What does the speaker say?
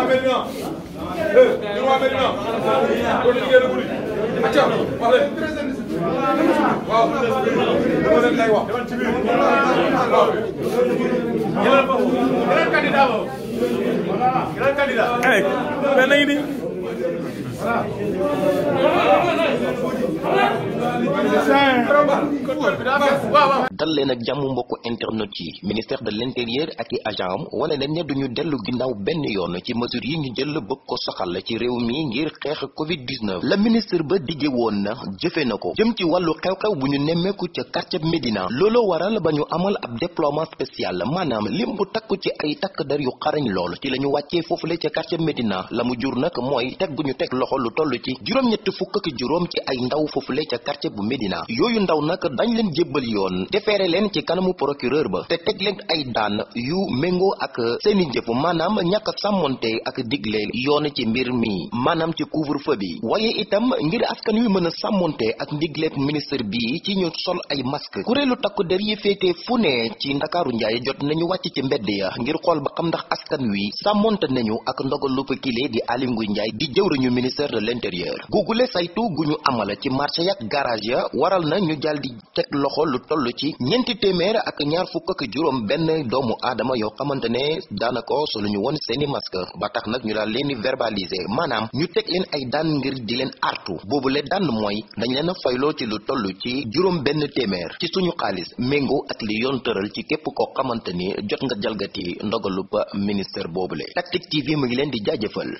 waa Medina ñun waa Medina kon liggéey la guddi acca wax leen waaw dama leen lay wax waaw jëlal ko yeneen candidat boobu yeneen candidat eh mais nañu ni voilà dal leen ak jàmm mbokku internet yi ministère de l'intérieur ak i agent am wala nañ ne duñu dellu ginnaaw benn yoon ci mesure yi ñu jël bëgg ko soxal ci réew mi ngir xeex covid 19 la ministre ba dige woon na jëfe na ko jëm ci wàllu xew-xew bu ñu nemmeeku ca quartier Médina looloo waral ba ñu amal ab déploiement spécial maanaam lim bu takku ci ay takk der yu xarañ lool ci la ñu wàccee la ca quartier Médina la mu jur nag mooy teg ñu teg loxo lu toll ci juróom-ñett fukk ak ndaw foofule ca quartier bu Médina ndaw nag dañ leen jébbal yoon defeere leen ci kanamu procureur ba te teg leen ay daan yu méngoo ak seeni njëf maanaam ñàkk a sàmmonte ak digle yoon ci mbir mii maanaam ci couvre-feu bi waaye itam ngir askan wi mën a sàmmonte ak ndigleeg ministre bi ci ñu sol ay masque kuréelu takku der yi féete fu ne ci ndakaaru njaay jot nañu wàcc ci mbedd ya ngir xool ba xam ndax askan wi sàmmonte nañu ak ndogalu kile di Aly Ngouille Ndiaye di jëwriñu ministère de l'intérieur googule saytu gu ñu amala ci marché yak garage waral na ñu jàll di teg loxo lu tollu ci ñeenti téeméer ak ñaar fukk ak juróom benn doomu aadama yoo xamante ne daanaka solo ñu woon seeni masque ba tax nag ñu daal leen di verbaliser maanaam ñu teg leen ay daan ngir di leen artu boobule daan mooy dañ leen a fayloo ci lu tollu ci juróom benn téeméer ci suñu xaalis méngoo ak li yoon tëral ci képp koo xamante ni jot nga jalgati ndogalu ba ministère boobule Tactic TV mu ngi leen di jaajëfal